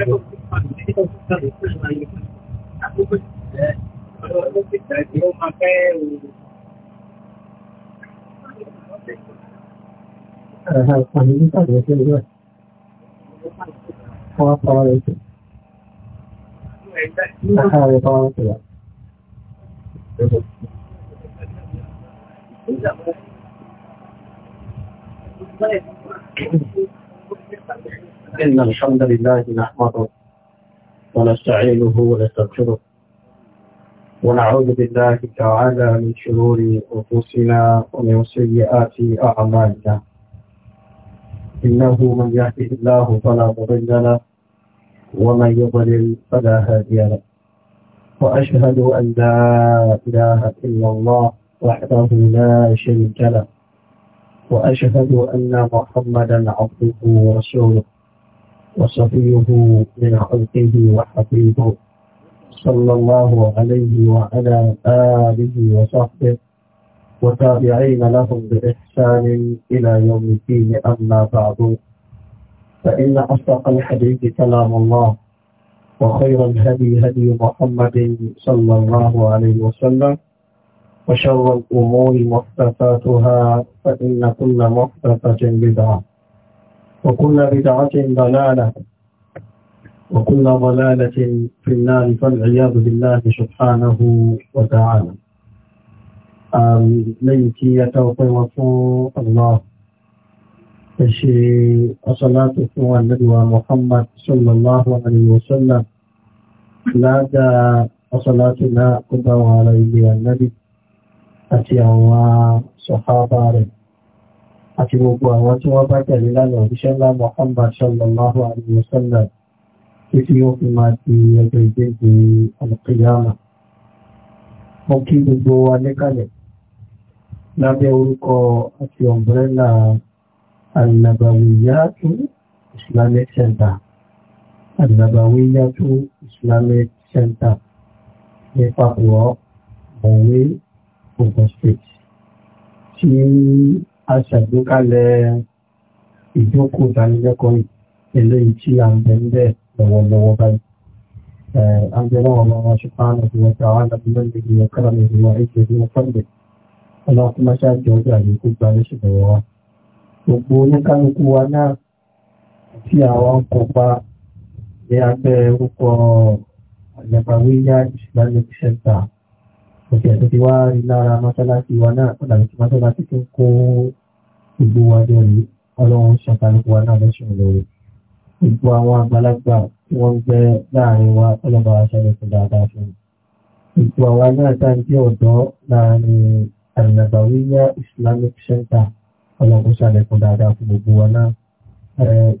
ฝั่งนี้ก็เหลือเชื่อด้วยพอพอเลยราคาเลยพอเสียไม่ إن الحمد لله نحمده ونستعينه ونستغفره ونعوذ بالله تعالى من شرور أنفسنا ومن سيئات أعمالنا إنه من يهده الله فلا مضل له ومن يضلل فلا هادي له وأشهد أن لا إله إلا الله وحده لا شريك له وأشهد أن محمدا عبده ورسوله وصفيه من خلقه وحفيده صلى الله عليه وعلى آله وصحبه وتابعين لهم بإحسان إلى يوم الدين أما بعد فإن أصدق الحديث كلام الله وخير الهدي هدي محمد صلى الله عليه وسلم وشر الأمور محدثاتها فإن كل محدثة بدعة وكل بدعة ضلالة وكل ضلالة في النار فالعياذ بالله سبحانه وتعالى لينك يتوقف الله فشي الصلاة هو النبي محمد صلى الله عليه وسلم لا دا صلاتنا قدوا على النبي أتي الله صحابه àti gbogbo àwọn tí wọ́n bá tẹ̀lé lánàá òṣìṣẹ́ ńlá Muhammad sallallahu alaihi wasallam tí tí ó fi máa ti ẹgbẹ́ ìgbéǹde al-qiyama. Mo kí gbogbo wa níkàlẹ̀ lábẹ́ orúkọ àti ọ̀mbrẹ́là Al-Nabawiyatu Islamic Center. Al-Nabawiyatu Islamic Center ní Papua, Mọ̀wé, Ogun State. Tí a ṣàgbékalẹ̀ ìjókòó ìdánilẹ́kọ̀ọ́ eléyìí tí a ń bẹ níbẹ̀ lọ́wọ́lọ́wọ́ báyìí. أنزله الله سبحانه وتعالى بمنه وكرمه وعزه وفضله اللهم شاهد جوجا لكل بارش بوا gbogbo oníkálukú wa náà tí àwọn ń kópa ní abẹ́ orúkọ àjàbáwíyá Islamic Center ọ̀sẹ̀ tó ti wá rí lára mọ́ṣáláṣí wa náà ó dàbí tí mọ́ṣáláṣí tó ń kó ìlú wa jẹ́ rí ọlọ́run ṣàkàlùkù wa náà lẹ́sùn lórí gbogbo àwọn àgbàlagbà tí wọ́n ń jẹ́ láàrin wa ọlọ́ba aṣẹ́lẹ̀ tó dáadáa fún mi gbogbo àwa náà tá jẹ́ ọ̀dọ́ láàrin àrìnàbàwíyá Islamic Center ọlọ́run ṣàlẹ̀ tó dáadáa fún gbogbo wa náà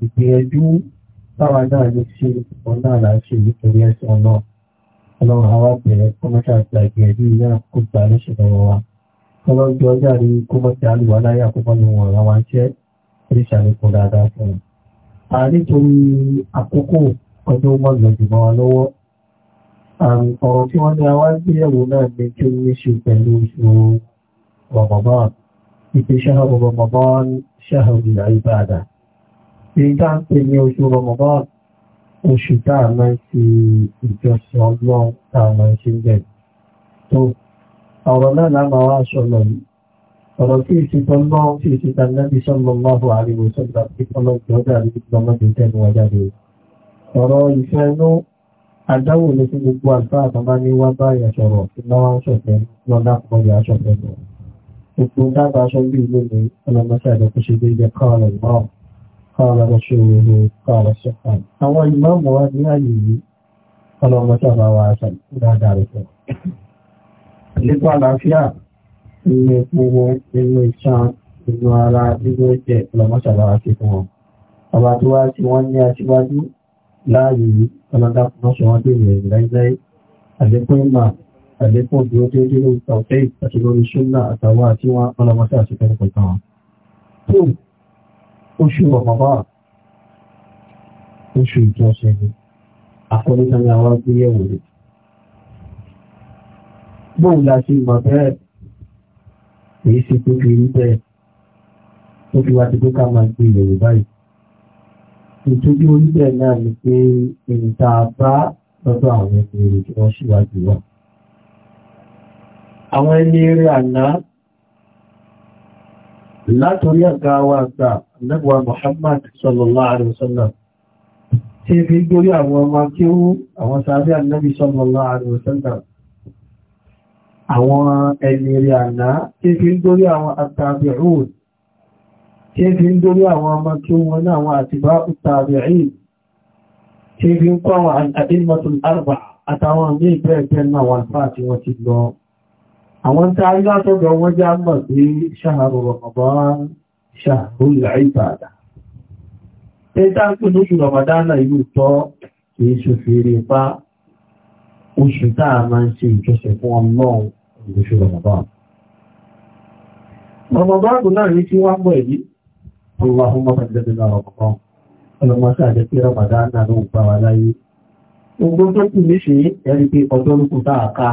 ìgbìyànjú táwa náà ní ṣe ọ̀nà àlàáṣe nítorí ẹ̀sìn ọlọ́run àwa bẹ̀rẹ̀ kó mọ́ṣá gbàgbé ẹ̀bí ìyá kó gbà lọ́ṣẹ̀ lọ́wọ́ wa ọlọ́jọ́ jáde kó mọ́ṣá àlùwà láyà kó mọ́ ní wọn àwọn iṣẹ́ oríṣàlékún dáadáa fún un. àrítorí àkókò ọjọ́ wọn lọ jùmọ́ wa lọ́wọ́ ọ̀rọ̀ tí wọ́n ní àwa gbé ẹ̀wò náà ní kí ó ní ṣe pẹ̀lú oṣù rọ̀mọ̀bọ́n ìpè ṣáhàrù rọ̀mọ̀bọ́n ṣáhàrù ìlà ìbàdàn. èyí oṣù tá a máa ń fi ìjọsìn ọlọ́run tá a máa ń ṣe bẹ́ẹ̀. tó ọ̀rọ̀ náà lámà wá sọ̀rọ̀ yìí ọ̀rọ̀ tí ìṣètò ọlọ́run tí ìṣètò anábì sọ̀rọ̀ máa bọ̀ àríwò sọ̀rọ̀ tí ọlọ́jọ́ dàbí lọ́mọdé tẹnu wá jáde. ọ̀rọ̀ ìfẹ́ inú adáwò ló fún gbogbo àgbà àbámá ní wá báyà sọ̀rọ̀ ìnáwó sọ̀fẹ́ lọ́dà kọjá قال رسوله قال سبحانه هو إمام وادي أيه اللهم صل وسلم إلى ذلك nípa àlàáfíà nínú ìpínwó nínú ìṣàn nínú ara nínú ẹ̀jẹ̀ ọlọ́mọ́sàlọ́wà sí fún wọn ọba tó wá tí wọ́n ní aṣíwájú láàyè yìí ọlọ́dákùnmọ́sọ wọn dé ìrìn láìláì àlékún ìmà àlékún dúró tó dé lórí tọ̀tẹ́ àti lórí ṣúnà àtàwọn àti wọn ọlọ́mọ́sà sí fún wọn oṣù ọ̀mọ̀bá oṣù ìjọsẹ̀ ni àkọlẹ́ta ni àwọn agbéyẹ̀wò rẹ̀. bóun la ṣe mọ̀ bẹ́ẹ̀ èyí ṣe tó fi rí tó fi wá ti pé ká máa gbé ìyẹ̀wò báyìí. ìtọ́jú orí náà ni pé ìta bá lọ́dọ̀ àwọn ẹni rẹ̀ tí wọ́n ṣíwájú wa. àwọn ẹni rẹ̀ àná látòrí àga wa àgbà nẹ́gbà Muhammad sallallahu alaihi wasallam tí fi gbórí àwọn ọmọ kí ó àwọn sàárẹ́ annabi sallallahu alaihi wasallam àwọn ẹ̀mìrì àná tí fi gbórí àwọn àtàbíhùn tí fi gbórí àwọn ọmọ kí wọn ní àwọn àtìbá tàbíhìn tí fi kọ́ àwọn àdínmọ̀tún àrùbà àtàwọn ní ìbẹ̀ẹ̀bẹ̀ẹ̀ àwọn tí a rí látọ́gbọ̀ wọ́n já mọ̀ sí ṣàhàrù Ramadan ṣàhàrù ìbàdà tẹ́ta ń pè lóṣù Ramadan ìlú tọ́ kìí ṣòfèrè pa oṣù táà máa ń ṣe ìjọsẹ̀ fún Ọlọ́run lóṣù Ramadan Ramadan náà rí tí wọ́n bọ̀ èyí Allahumma Ramadan náà ló ń pa wà láyé ogun tó kù níṣe ẹ̀rí pé ọjọ́ lókùn táà káà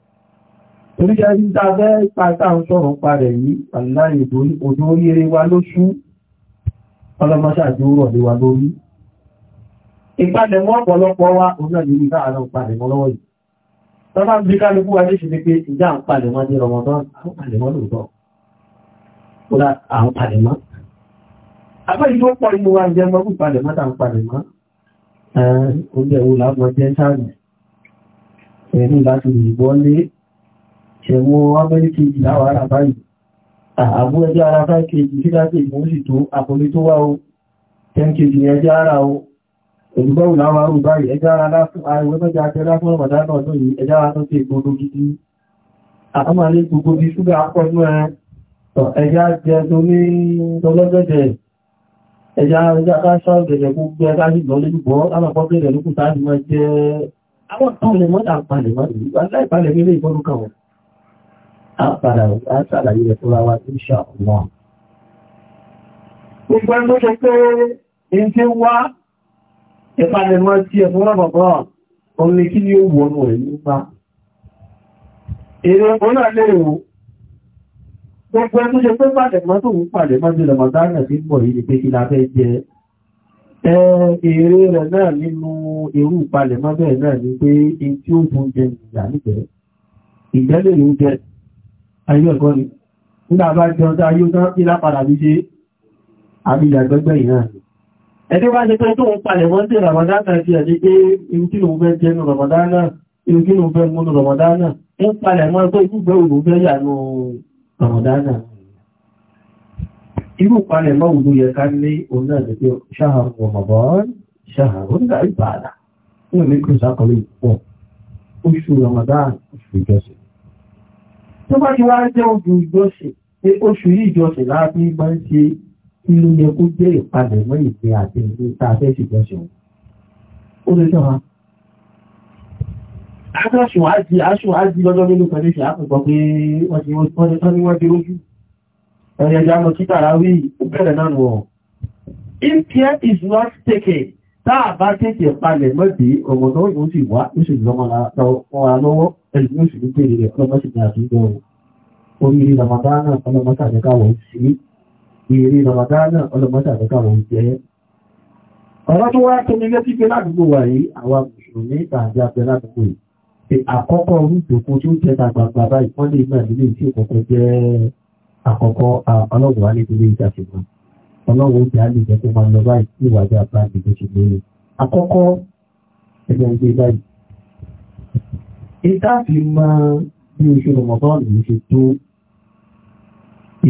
Oríṣẹ́ rí dábẹ́ ìpàtà ń sọ̀rọ̀ parẹ̀ yìí, aláì ojú orí eré wa lóṣù, ọlọ́mọṣà jí ó rọ̀lé wa lórí. Ìpàdẹ̀mọ́ ọ̀pọ̀lọpọ̀ wa, òun náà ní káà náà pàdẹ̀mọ́ lọ́wọ́ yìí. Tọ́bá ń bí kálukú wa léṣe ní pé ìjà ń pàdẹ̀mọ́ ní Ramadan, àwọn pàdẹ̀mọ́ lóòótọ́. Ó dá àwọn pàdẹ̀mọ́. Àbẹ́ ìlú pọ̀ inú wa jẹ́ mọ́ fún pàdẹ̀mọ́ tà ń pàdẹ̀mọ́. Oúnjẹ wo làwọn jẹ́ sáàrì. Ẹ̀rí láti ẹ̀wọ̀ amẹ́ríkì ìdáwà ara báyìí àbú ẹjọ́ ara 5 kg tí láti ìgbóhùsì tó àkọlé tó wá o 10 kg ẹjọ́ ara o olùgbọ́wù láwọn arú báyìí ẹjọ́ ara lásán àìwẹ́ mẹ́jọ àti lásán ọmọdánà ọdún yìí ẹjọ́ ara tó ti gbogbo gidi àmàlé gbogbo bí ṣúgà pọ̀nú ẹ ẹjọ́ jẹ tó ní tọlọ́gẹ̀dẹ̀ ẹjọ́ ẹjọ́ akáṣọ́ gẹ̀gẹ̀ gbogbo ẹjọ́ sì lọ lébùbọ́ lámàpọ̀ á padà á ṣàlàyé rẹ̀ fúnra wa ní ṣàkóso. Gbogbo ẹgbẹ́ ṣe pé èyí tí wá ìpalẹ̀mọ́ tí ẹ̀ fún ọ̀bọ̀bọ̀ omi kí ni ó wọnú ẹ̀ nípa. Èrè ọ̀nà lè wò gbogbo ẹgbẹ́ ṣe pé pàdẹ̀mọ́ tó ń pàdẹ̀mọ́ sí lọ́mọdánà sí pọ̀ yìí ni pé kí la fẹ́ jẹ Èrè rẹ̀ náà nínú irú ìpalẹ̀mọ́ bẹ́ẹ̀ náà ni pé in tí ó fún jẹ ìyà nígbẹ̀ẹ́. Ìgbẹ́lẹ̀ ló jẹ́ àìyẹ́kọ́ ni nígbà bá jẹ́ ọjọ́ ayé tán kí lápadà bí ṣe àbíyàgbẹ́gbẹ́ ìhàn ẹni wá ṣe pé tó ń palẹ̀ wọ́n tí ramadana ti ẹ̀ṣẹ́ pé irúkínú fẹ́ jẹnu ramadana irúkínú fẹ́ múnú ramadana ń palẹ̀ mọ́ tó ìgbẹ́ òòrùn fẹ́ yẹ ká ní òun náà lè pé ṣáhàrùn Ramadan ṣáhàrùn ní àìbàdà ní òmìnkú sákọlẹ̀ ìpọ̀ oṣù Ramadan oṣù ìjọsìn tó bá ti wá jẹ́ ojú ìjọsìn pé oṣù yìí ìjọsìn láti máa ń ṣe kí ló yẹ kó jẹ́ ìpalẹ̀ mọ́ ìpè àti ìlú tá a fẹ́ ó lè sọ́ra aṣọ àjí aṣọ lọ́jọ́ nínú pẹ̀lú is not taken táà bá tètè palẹ̀ mọ́dé ọmọ náà sì wá ó sì lọ́mọ lọ́wọ́ ẹ̀lú yóò sì pèrè rẹ̀ kọ́ mọ́sí ní àdúgbò orí ramadana ọlọ́mọ́sàdẹ́kàwọ̀ sí ìrírí ramadana ọlọ́mọ́sàdẹ́kàwọ̀ jẹ́ ní létí jẹ́ àkọ́kọ́ wá nítorí ìjàfihàn ọlọ́run ti á lè jẹ́ kó máa lọ báyìí sí ìwádìí àbáǹdì tó ṣe lórí. Àkọ́kọ́ ẹgbẹ́ ń gbé báyìí. Ìta fi máa bí oṣù Rọ̀mọ̀dọ́ọ̀nù ló ṣe tó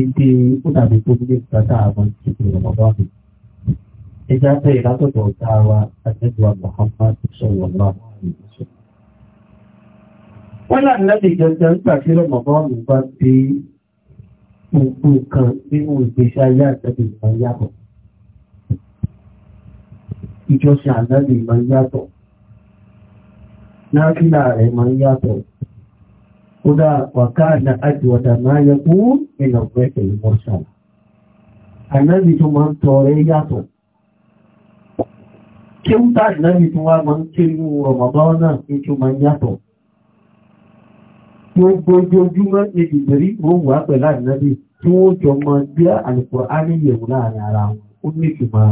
ìdí ó dàbí tó ní ìgbàta àwọn ìṣètò Rọ̀mọ̀dọ́ọ̀nù. Ẹja fẹ́ ìlátọ̀tọ̀ ọ̀tá wa Adébíwá Muhammad sọ̀rọ̀ náà. Wọ́n láti láti ìjọba ń gbà sí Rọ̀mọ̀dọ́ọ̀nù bá dé gbogbo kan nínú ìgbésí ayé àtẹ̀lé ìmọ̀ yàtọ̀. Ìjọsìn àtẹ̀lé ìmọ̀ yàtọ̀. Náfílà rẹ̀ mọ̀ yàtọ̀. Kódà wàkáàdà àjùwọ̀dà máa yẹ kú ìnà pẹ̀lú ìmọ̀ṣàlá. Ànábì tó máa ń tọrẹ yàtọ̀. Kí ń tà ìnábì tó wá máa ń kéré Rọ̀mọ̀bá náà ní tó máa yàtọ̀ gbogbo ojoojúmọ́ ibi ìbẹ̀rí wọ́n wà pẹ̀lá ìnábi tí wọ́n jọ mọ́ bí àlùkò áníyẹ̀wò láàrin ara ó ní ìtumọ̀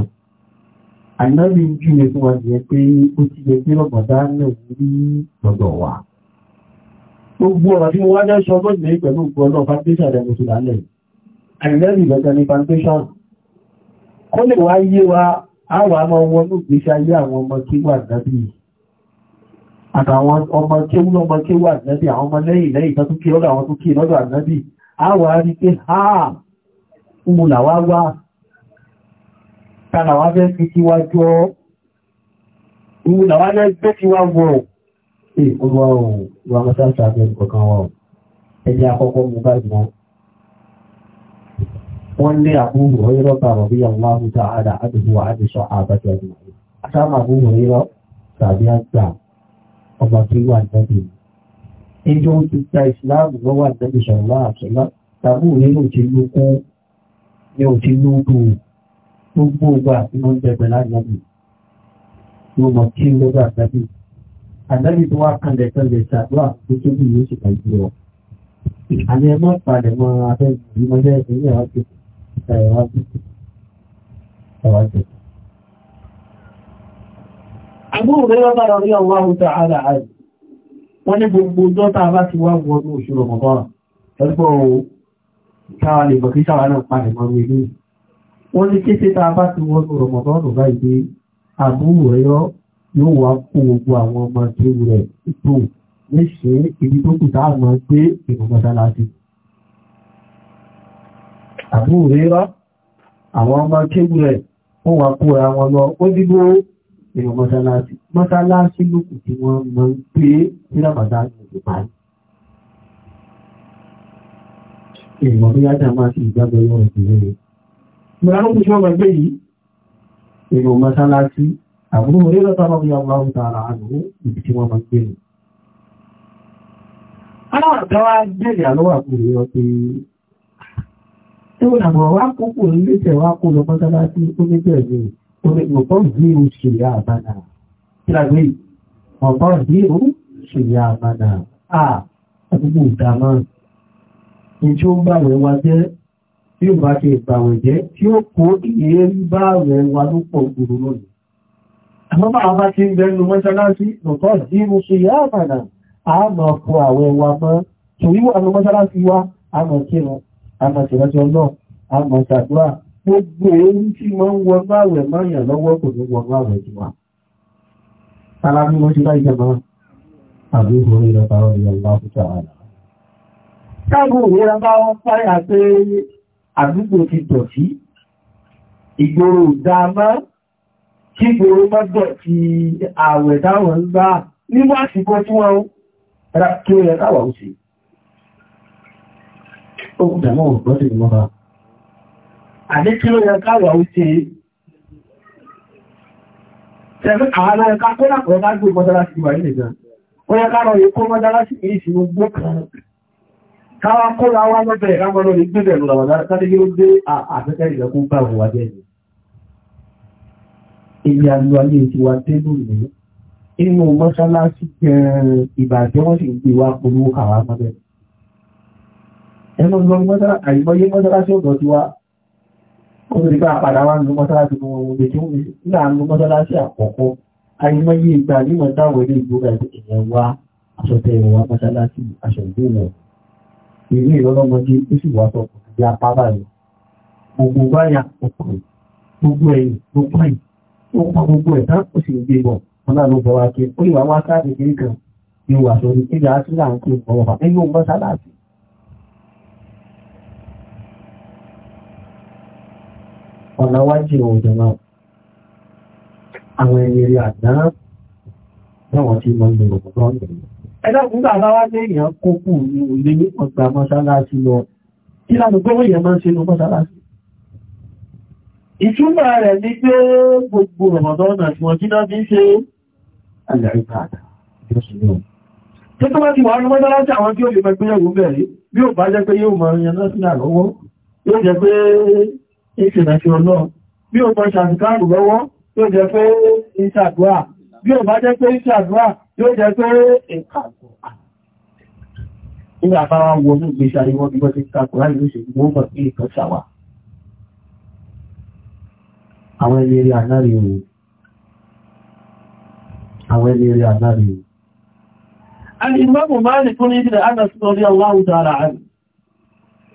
ànábi ń júwe fún wa jẹ́ pé ó ti yẹ pé ọgbọ̀dá náà rí lọ́dọ̀ wa gbogbo ọ̀rọ̀ tí mo wá jẹ́ sọ bọ́ ìgbẹ́ pẹ̀lú gbọ́nà foundation rẹ̀ mo ti lálẹ̀ àìlẹ́rì àtàwọn ọmọ kéwú lọ́mọ kéwú ànábì àwọn ọmọ lẹ́yìn lẹ́yìn tó tún kí lọ́dọ̀ àwọn tó kí lọ́dọ̀ ànábì a wà rí pé ha múlà wá wá tààlà wá fẹ́ kí wá jọ múlà wá kí wá wọ́n lé àbúrò ọyọ́rọ̀ ọba tó wà jáde ẹjọ́ ti gba ìsìláàmù lọ́wọ́ àtẹ́bí sọ̀rọ̀ àtọ́lá tàbí òun ò ti lókú ni ò ti lókù gbogbo ọgbà tí wọ́n jẹ̀bẹ̀ lágbàbí yóò mọ̀ kí lọ́gbà àtẹ́bí àtẹ́bí tó wá kan lẹ́tọ́ lè ṣàdúrà tó tóbi yóò sì kà jù ọ. àmì ẹ má palẹ̀ mọ́ abẹ́rẹ́ ìgbìmọ̀ lẹ́yìn ìyàwó tó ẹ̀wá tó ẹ̀wá tó àbúrò rẹ̀ lọ́bà rọrí ọwọ́ ta'ala àì wọ́n ní gbogbo dọ́ta bá ti wá wọ́n ní oṣù rọmọbọ́n ẹgbọ́ káwà lè bọ̀ kí sáwà náà parẹ̀ mọ́ ilé wọ́n ní kéṣe ta bá ti wọ́n ní rọmọbọ́n bá ìgbé àbúrò rẹ̀ yóò wá kó gbogbo àwọn ọmọ tí rẹ̀ tó léṣe ibi tó àwọn ọmọ ó dìbò nínú mọ́sálásí mọ́sálásí lókù tí wọ́n mọ́ ń pé sílábàtà e. ìgbà ìmọ̀ bí yájá máa ti ìgbàgbọ́ yọ ìgbìyàn rẹ̀. mọ́ra ló kú sí ọmọ ẹgbẹ́ yìí nínú mọ́sálásí àbúrò orí lọ́ta bá bí ọmọ ọ̀tà ara àánú ibi tí wọ́n máa gbé nù. aláwọ̀ àtàwà jẹ́rìí àlọ́wà kò rí ọ pé tó làbọ̀ wá kókò nílé wá kó lọ mọ́sálásí ó ní نطهر ثيابنا كلا غير نطهر ثيابنا آه àdúgbò ìdámá ní tí ó bá rẹ̀ wá jẹ́ tí ó bá ṣe ìgbàwẹ̀ jẹ́ tí ó kó ìyẹ́ ń bá rẹ̀ wá ló pọ̀ gbòrò ṣe yá àmàdà a máa fọ àwẹ̀ wa mọ́ torí wà ní mọ́ṣáláṣí wa a máa ṣàdúrà gbogbo orí tí wọ́n ń wọ́n láwẹ̀ máyàn lọ́wọ́ kò ní wọ́n láwẹ̀ jù wá. Tàlá ní wọ́n ṣe bá ìjọba àbí orí ìrọ̀ta orí ọlá fúta ààrẹ. Káàbù ìrọ̀ta bá wọ́n àdúgbò ti dọ̀tí, ìgboro dáamá, kí kí àní kí ló yẹ káwà ó ṣe tẹ́lú àwọn ẹ̀ká kó lápọ̀ bá gbé mọ́sálásí wà nílẹ̀ gan ó yẹ ká lọ yẹ kó mọ́sálásí ní ìṣinú gbó kan káwà kó ra wá lọ́bẹ̀ ìrámọ́ lórí gbẹ̀rẹ̀ lọ láti kí ó gbé àfẹ́kẹ́ ìrẹ́kú bá wọn wà jẹ́ ilé alúwalé ti wá tẹ́lú ní inú mọ́sálásí gẹ̀ẹ́rẹ̀ ìbàjẹ́ wọ́n sì ń gbé wá polówó kàwá mọ́bẹ̀ ẹnu lọ mọ́sálásí ọ̀dọ̀ ti wá Olùdígbà padà wá nínú mọ́sálásí mọ́ oúnjẹ tí ó ń láàánú mọ́sálásí àkọ́kọ́. Ayímọ́yé ìgbà níwọ̀n táwọn ilé ìgbóga ìpínlẹ̀ wá aṣọ tẹ ìwọ̀n mọ́sálásí aṣọ ìgbéwọ̀. Ìrí ìrọ́lọ́mọdé ó sì wá sọ kùn bí apá báyìí. Gbogbo báyà ọkùnrin, gbogbo ẹ̀yìn, gbogbo ẹ̀yìn, ó pa gbogbo ẹ̀ tán ó sì ń gbé bọ̀. Wọ́n náà ló bọ̀ kan ní wàṣọ ní kíjà á sí láàrín kí ó ọ̀nà wájì òjò náà àwọn ẹni rí náà wọ́n ti mọ́ ní òkúrọ̀ ẹ̀dàkùn rẹ̀ ní pé gbogbo ọmọdọ́nà tí wọ́n jíná bí ṣe alẹ́ríkà àdá tó tó bá ti wà ní mọ́sálásí àwọn tí ó lè mẹ́gbẹ́yàwó bẹ̀rẹ̀ bí ò bá jẹ́ pé yóò mọ̀ ìṣẹ̀dàṣì ọlọ́run bí o bọ́ ṣàtìkáàrù lọ́wọ́ yóò jẹ́ pé ìṣàdúrà bí o bá jẹ́ pé ìṣàdúrà yóò jẹ́ pé ìkàkùn nígbà fáwọn wọnú ìgbésí bí wọ́n ti kàkùn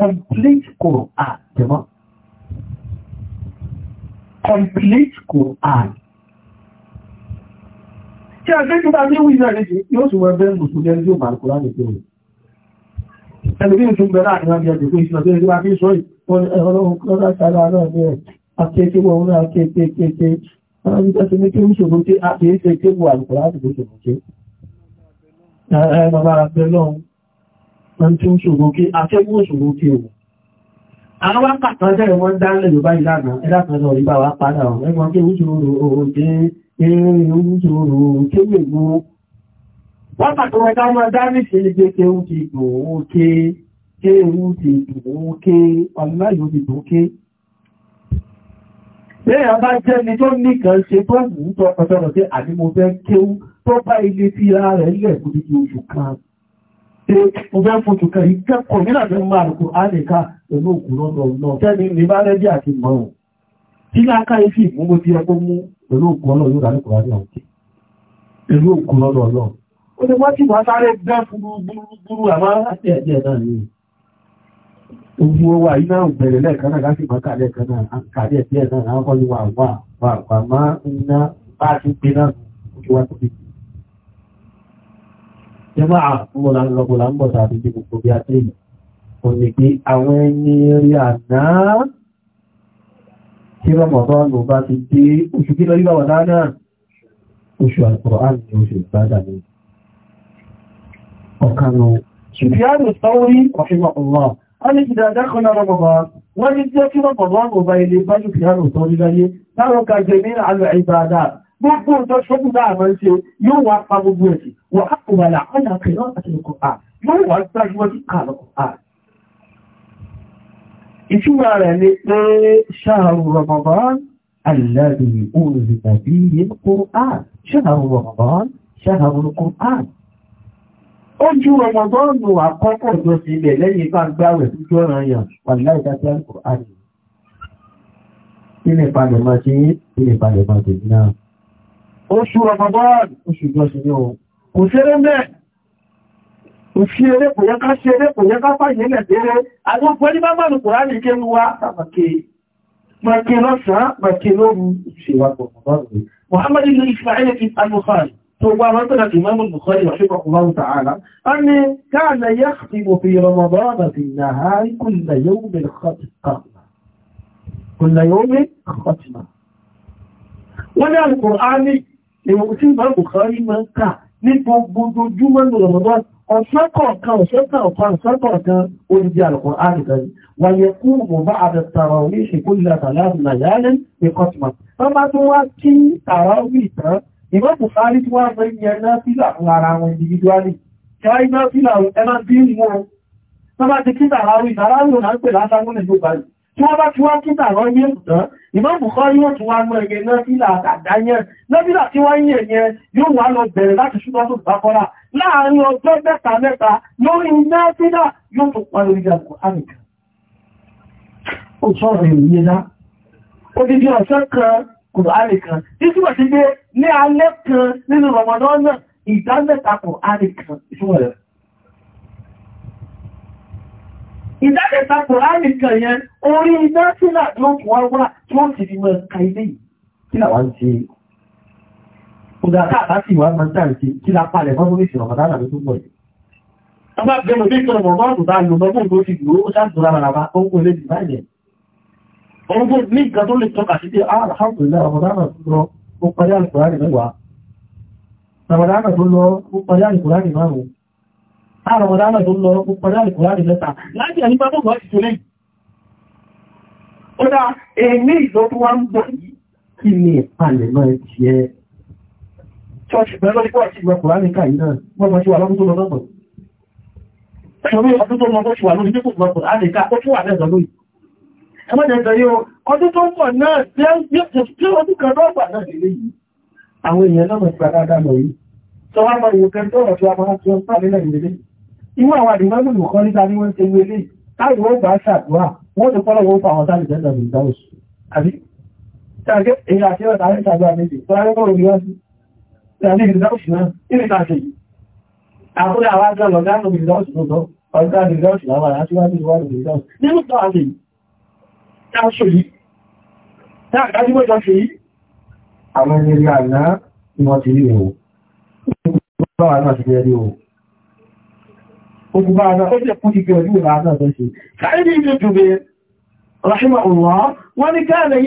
complete Quran jẹ́mọ́ complete Quran tí a gbé jùlọ ní wíjọ rẹ̀ jẹ́ yóò sì wọ́n bẹ́ẹ̀ mùsùn jẹ́ yóò bá Quran ní jẹ́ Ẹlùmí ìtún bẹ̀rẹ̀ àríwá bí ẹjọ́ fún ìṣúná tó ẹjọ́ bá fi sọ́rì wọ́n ẹ̀rọ ọ̀rọ̀ ṣàlá náà ní ẹ̀ akéèké wọn náà kéèkéèkéèké ọ̀rọ̀ ìjọsìn ní kí ń ṣòro tí a kìí tí ń ṣòro kí atẹ́gùn òṣòro kí o. Àwọn wákàtà jẹ́ wọ́n dánlẹ̀ ló bá ìlànà ẹlàkànlọ ìbá wa padà ẹgbọ́n kí Bẹ́ẹ̀ ọba jẹ́ ni tó nìkan ṣe tó wù ú tọkọtọrọ sí àdímọ́fẹ́ kéhù tó bá ilé tí rẹ̀ lẹ̀ fún oṣù kan mo fẹ́ fún tùkẹ́ ìkẹ́kọ̀ọ́ nílà tí ń máa rùkú áìlèká pẹ̀lú òkú lọ́dọ̀ náà tẹ́ni lè bá rẹ́dí àti mọ̀rùn tí láká ifì múgbó tí ẹkọ́ mú pẹ̀lú òkú ọlọ́ yóò dáríkù rárí àwùjẹ́ pẹ̀lú òkú lọ́dọ̀ náà ó ní wọ́n tí wọ́n sáré gbẹ́ fún gbúrúgbúrú àmá àti ẹ̀jẹ̀ náà ni ogun owó àyí náà bẹ̀rẹ̀ lẹ́ẹ̀kan náà láti máa kàdé ẹ̀kan náà kàdé ẹ̀jẹ̀ náà àwọn kọ́ ni wà wà wà má ń ná bá ti gbé náà ojú wa tó fi jẹmọ́ àmúlànlọ́gbọ̀lá ń bọ̀ tàbí tí gbogbo bí a tí èyí kò ní pé àwọn ẹni rí àná tí rọmọ̀bọ́nù bá ti dé oṣù kí lọ rí bàwà dáadáa oṣù Al-Qur'an ni oṣù ìbádà ní ọ̀kanú ṣùfíàrù sọ́rí ọ̀fíwọ̀pọ̀lọ́ wọ́n ni ìdàdá ìbádà gbogbo ọjọ́ ṣọ́gbù náà mọ́ ṣe yóò wá pa gbogbo ẹ̀sì wọ ápùwàlà ọ̀nà àkìrán àti ìkọ̀ à yóò wá gbájúwọ́jú kààlọ́kọ̀ à ìtumọ̀ rẹ̀ ni pé ṣáàrù Ramadan alladhi unzila fihi al-Qur'an ṣe ilé ìpalẹ̀mọ́ tèmi náà. oṣù Ramadan oṣù ìjọsìn ni ohun kò ṣeré mẹ́ òfí eré kò yẹ ká ṣe eré kò yẹ ká fàyẹ̀ lẹ̀dẹ́rẹ́ àwọn pẹ̀lú bá mọ̀lù kò rárí ké wá màkè lọ́sàn-án màkè lóru ìṣèwà Muhammad ibn Ismail fi al-Bukhari tó gbá wọn tọ́lá ti Imam al-Bukhari rahimah Allah ta'ala an ni kana yakhtimu fi Ramadan fi nahari kulla yawmin khatma kulla yawmin khatma wọ́n ní al-Qur'ani èwò tí ìmọ̀ Bukhari máa ń kà ní gbogbo ojúmọ́ ní Ramadan ọ̀sán kọ̀ọ̀kan ọ̀sán kọ̀ọ̀kan ọ̀sán kọ̀ọ̀kan olùdí Al-Qur'an àrùkàrí wàyẹ̀ kú mọ̀ bá àdàtàrà orí ìṣèkólù àtàlárù nàyálẹ̀ ní kọ́tùmọ̀ wọ́n bá tún wá kí tààrà orí ìtàn ìmọ̀ Bukhari tí wọ́n fẹ́ yẹn tí wọ́n bá tí wọ́n tún tààrọ ní ẹ̀sùtán ìmọ́bù kọ́ yíò tún wá mọ́ ẹ̀yẹ nọ́bílà àtàdáyẹn nọ́bílà tí wọ́n yẹ̀ yẹn yóò wá lọ bẹ̀rẹ̀ láti ṣúgbọ́n tó bá kọ́lá láàárín ọjọ́ mẹ́ta mẹ́ta lórí nọ́bílà yóò tún pa lórí ìjàkù amìkà ó sọ̀rọ̀ ìròyìn lá ó di bí ọ̀sán kan kùránì kan tí túnbọ̀ sí pé ní alẹ́ kan nínú rọmọdọ́nà ìdá mẹ́ta kùránì kan ìṣúwọ̀ rẹ̀ ìdájẹta kòránì kan yẹn orí iná sílà ló kùn wá wá tí wọ́n ti fi mọ́ ka ilé kí làwá ń ṣe ọ̀dàtà àti ìwà máa ń tàà ṣe kí la palẹ̀ mọ́ fún ìṣẹ̀rọ̀ mọ̀dánà ló tó pọ̀ yìí ọba gbẹ̀rọ bí ìṣẹ̀rọ̀ mọ̀mọ́rùn bá lò lọ́gbọ̀n ló ti gbò ó ṣáàtò lára lára ó ń kó ilé ìbáyẹ̀ ọgbọ̀n ní nǹkan tó lè tọ́ka sí pé ah, alhamdulillah ọmọdánà tó lọ ó parí àlùkùránì mẹ́wàá ọmọdánà tó lọ ó parí àlùkùránì márùn-ún àrùn ọ̀dánà tó lọ pọ̀dá ìkùnrin lẹ́ta láti ẹni bá bọ́gbọ́ ti tolẹ́ ọ̀dá èmé ìjọdún wá ń bọ̀ yìí kí ni ìpalẹ̀ náà ti ẹ́ church bẹ̀rẹ̀ lọ́dí pọ̀ sí ìwọ̀ náà wọ́n mọ́ sí wà lọ́dún Inú àwọn àdìmọ́gbùn kan níta ní wọ́n ń ṣe ní ilé, táì wọ́n bá ṣàdúrà, wọ́n ti pọ́lọ̀ wọ́n fa àwọn sáàlì jẹ́ ìdàmì ìdáwòsù. Àbí? Tàbí èyí àti ọ̀tà ní ṣàdúrà méjì, tó rárẹ́ kọ́rọ̀ yọ́ sí. Tàbí ìdáwòsù náà, ní ìtàṣe yìí. Àkúrẹ́ àwọn àjọ lọ̀gá nù ìdáwòsù tó tọ́, ọ̀gá ìdáwòsù láwọn àti wá ní ìwádìí ìdáwòsù. Nínú tó àṣe yìí, tá a ṣe yìí, tá a kájú mọ́jọ ni Òṣùgbà àgbà ó